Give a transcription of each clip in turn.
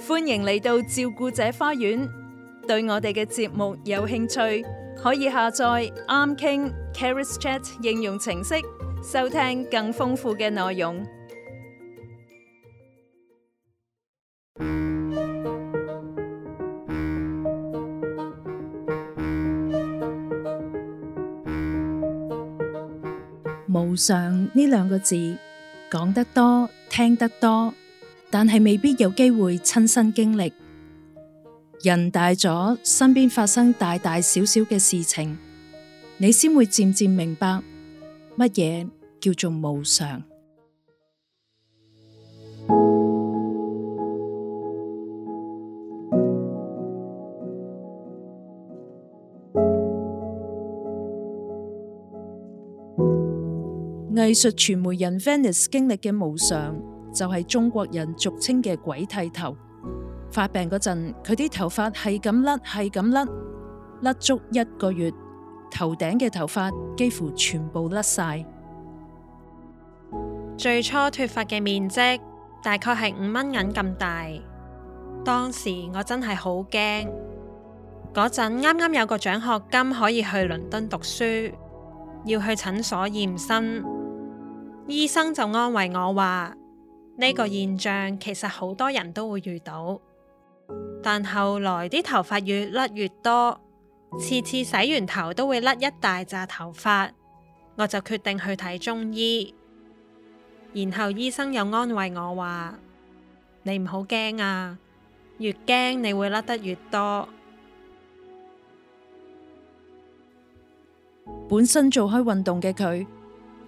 歡迎嚟到照顧者花園，對我哋嘅節目有興趣，可以下載啱傾 CarisChat 應用程式，收聽更豐富嘅內容。無常呢兩個字，講得多，聽得多。但係未必有機會親身經歷。人大咗，身邊發生大大小小嘅事情，你先會漸漸明白乜嘢叫做無常。藝術 傳媒人 Venice 經歷嘅無常。就係中國人俗稱嘅鬼剃頭。發病嗰陣，佢啲頭髮係咁甩，係咁甩，甩足一個月，頭頂嘅頭髮幾乎全部甩晒。最初脫髮嘅面積大概係五蚊銀咁大。當時我真係好驚，嗰陣啱啱有個獎學金可以去倫敦讀書，要去診所驗身，醫生就安慰我話：呢個現象其實好多人都會遇到，但後來啲頭髮越甩越多，次次洗完頭都會甩一大紮頭髮，我就決定去睇中醫。然後醫生又安慰我話：「你唔好驚啊，越驚你會甩得越多。」本身做開運動嘅佢，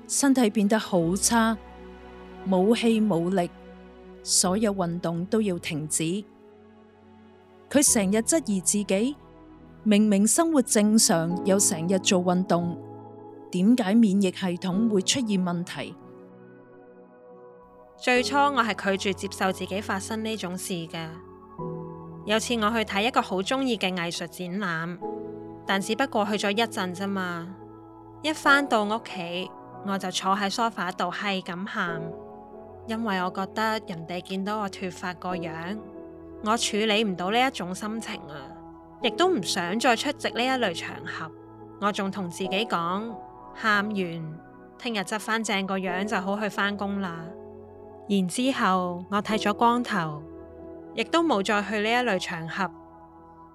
身體變得好差。冇氣冇力，所有運動都要停止。佢成日質疑自己，明明生活正常，又成日做運動，點解免疫系統會出現問題？最初我係拒絕接受自己發生呢種事嘅。有次我去睇一個好中意嘅藝術展覽，但只不過去咗一陣啫嘛。一返到屋企，我就坐喺梳化度，係咁喊。因為我覺得人哋見到我脫髮個樣，我處理唔到呢一種心情啊，亦都唔想再出席呢一類場合。我仲同自己講，喊完聽日執翻正個樣就好去返工啦。然之後我剃咗光頭，亦都冇再去呢一類場合，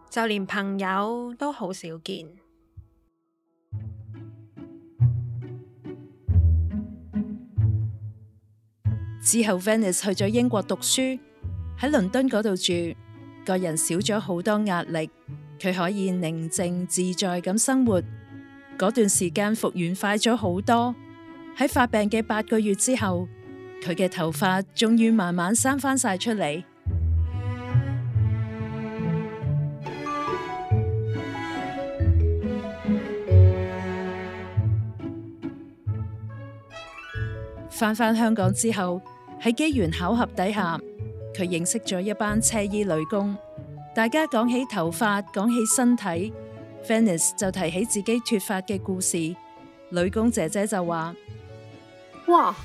就連朋友都好少見。之後 Venice 去咗英國讀書，喺倫敦嗰度住，個人少咗好多壓力，佢可以寧靜自在咁生活。嗰段時間復原快咗好多，喺發病嘅八個月之後，佢嘅頭髮終於慢慢生翻晒出嚟。翻返香港之後，喺機緣巧合底下，佢認識咗一班車衣女工。大家講起頭髮，講起身體，Fennis 就提起自己脫髮嘅故事。女工姐姐就話：哇，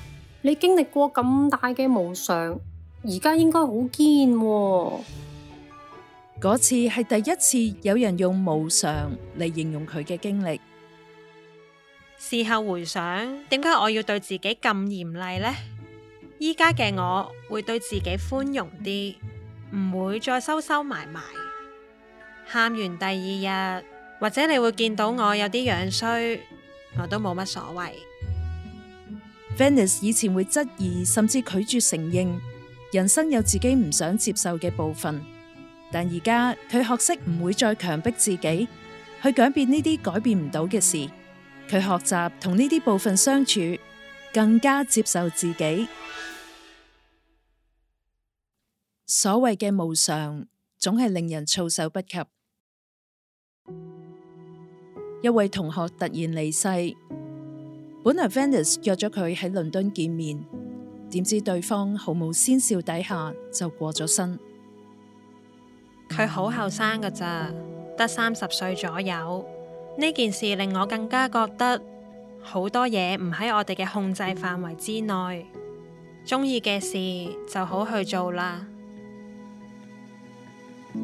你經歷過咁大嘅無常，而家應該好堅。嗰次係第一次有人用無常嚟，形容佢嘅經歷。事後回想，點解我要對自己咁嚴厲呢？依家嘅我會對自己寬容啲，唔會再收收埋埋。喊完第二日，或者你會見到我有啲樣衰，我都冇乜所謂。Venice 以前會質疑，甚至拒絕承認，人生有自己唔想接受嘅部分。但而家佢學識唔會再強迫自己去改變呢啲改變唔到嘅事。佢學習同呢啲部分相處，更加接受自己。所謂嘅無常，總係令人措手不及。一位同學突然離世，本來 Venice 約咗佢喺倫敦見面，點知對方毫無先兆底下就過咗身。佢好後生㗎咋，得三十歲左右。呢件事令我更加覺得好多嘢唔喺我哋嘅控制範圍之內，中意嘅事就好去做啦。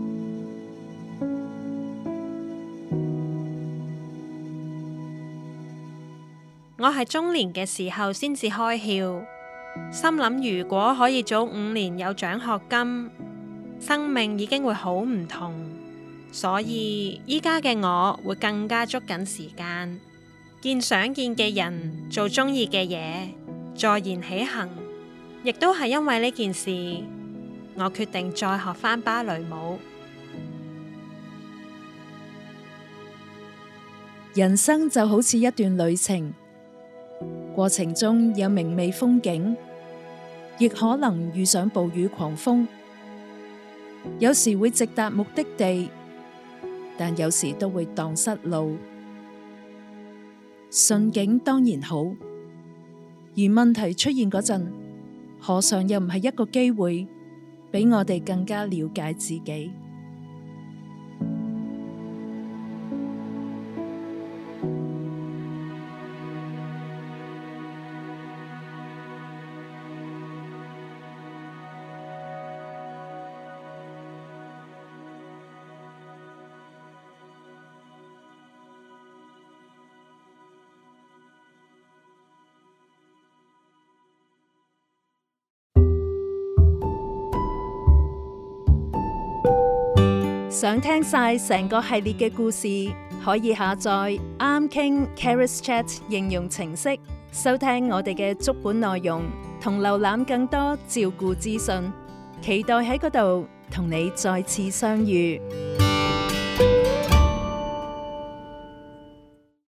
我係中年嘅時候先至開竅，心諗如果可以早五年有獎學金，生命已經會好唔同。所以依家嘅我會更加捉緊時間，見想見嘅人，做中意嘅嘢，坐言起行。亦都係因為呢件事，我決定再學翻芭蕾舞。人生就好似一段旅程，過程中有明媚風景，亦可能遇上暴雨狂風，有時會直達目的地。但有時都會蕩失路，順境當然好，而問題出現嗰陣，何嘗又唔係一個機會，俾我哋更加了解自己。想聽晒成個系列嘅故事，可以下載《啱傾 Careers Chat》應用程式，收聽我哋嘅足本內容，同瀏覽更多照顧資訊。期待喺嗰度同你再次相遇。